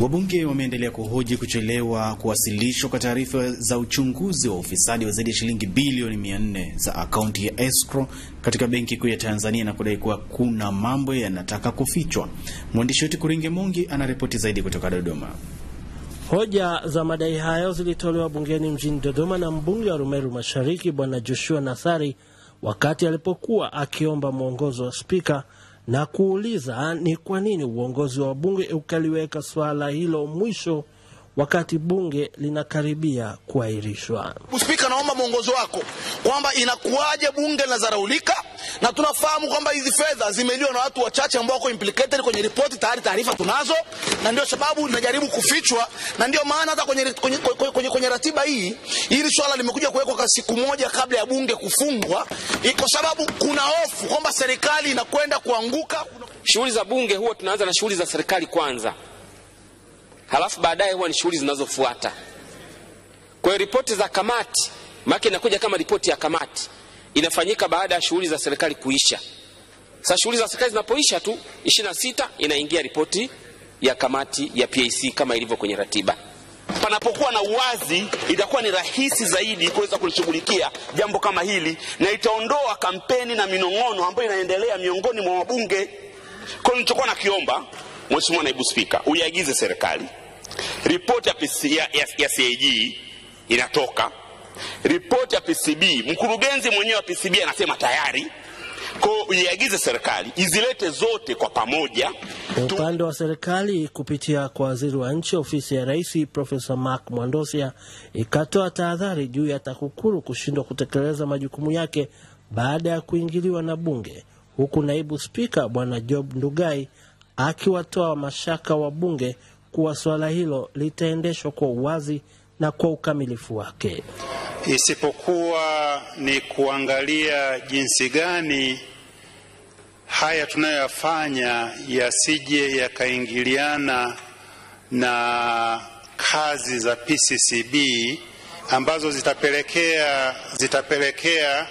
Wabunge wameendelea kuhoji kuchelewa kuwasilishwa kwa taarifa za uchunguzi wa ufisadi wa zaidi ya shilingi bilioni 400 za akaunti ya escrow katika Benki Kuu ya Tanzania na kudai kuwa kuna mambo yanataka kufichwa. Mwandishi wetu Kuringe Mongi anaripoti zaidi kutoka Dodoma. Hoja za madai hayo zilitolewa bungeni mjini Dodoma na mbunge wa Rumeru Mashariki Bwana Joshua Nassari wakati alipokuwa akiomba mwongozo wa spika na kuuliza ah, ni kwa nini uongozi wa bunge ukaliweka swala hilo mwisho wakati bunge linakaribia kuahirishwa. Spika, naomba mwongozo wako kwamba inakuwaje bunge linadharaulika, na tunafahamu kwamba hizi fedha zimeliwa na watu wachache ambao wako implicated kwenye ripoti. Tayari taarifa tunazo, na ndio sababu linajaribu kufichwa, na ndio maana hata kwenye, kwenye, kwenye, kwenye, kwenye ratiba hii hili swala limekuja kuwekwa kwa siku moja kabla ya bunge kufungwa, kwa sababu kuna hofu kwamba serikali inakwenda kuanguka. Shughuli za bunge huwa tunaanza na shughuli za serikali kwanza, halafu baadaye huwa ni shughuli zinazofuata. Kwa ripoti za kamati maana inakuja kama ripoti ya kamati inafanyika baada ya shughuli za serikali kuisha. Sasa shughuli za serikali zinapoisha tu 26 inaingia ripoti ya kamati ya PAC kama ilivyo kwenye ratiba. Panapokuwa na uwazi, itakuwa ni rahisi zaidi kuweza kulishughulikia jambo kama hili, na itaondoa kampeni na minong'ono ambayo inaendelea miongoni mwa wabunge. Kwa hiyo nilichokuwa nakiomba, Mheshimiwa Naibu Spika, uiagize serikali ripoti ya, ya, ya, ya CAG inatoka ripoti ya PCB, mkurugenzi mwenyewe wa PCB anasema tayari ko uiagize serikali izilete zote kwa pamoja. Upande wa serikali kupitia kwa waziri wa nchi ofisi ya rais Profesa Mark Mwandosia ikatoa tahadhari juu ya TAKUKURU kushindwa kutekeleza majukumu yake baada ya kuingiliwa na bunge, huku naibu spika bwana Job Ndugai akiwatoa mashaka wa bunge kuwa suala hilo litaendeshwa kwa uwazi na kwa ukamilifu wake isipokuwa ni kuangalia jinsi gani haya tunayoyafanya yasije yakaingiliana na kazi za PCCB ambazo zitapelekea zitapelekea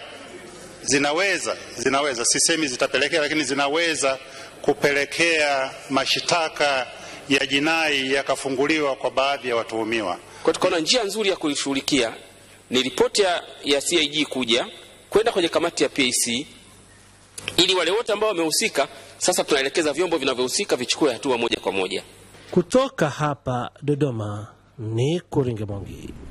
zinaweza zinaweza, sisemi zitapelekea, lakini zinaweza kupelekea mashitaka ya jinai yakafunguliwa kwa baadhi ya watuhumiwa. Kwa tukaona njia nzuri ya kulishughulikia ni ripoti ya, ya CIG kuja kwenda kwenye kamati ya PAC ili wale wote ambao wamehusika sasa tunaelekeza vyombo vinavyohusika vichukue hatua moja kwa moja. Kutoka hapa Dodoma ni Kuringe Mongi.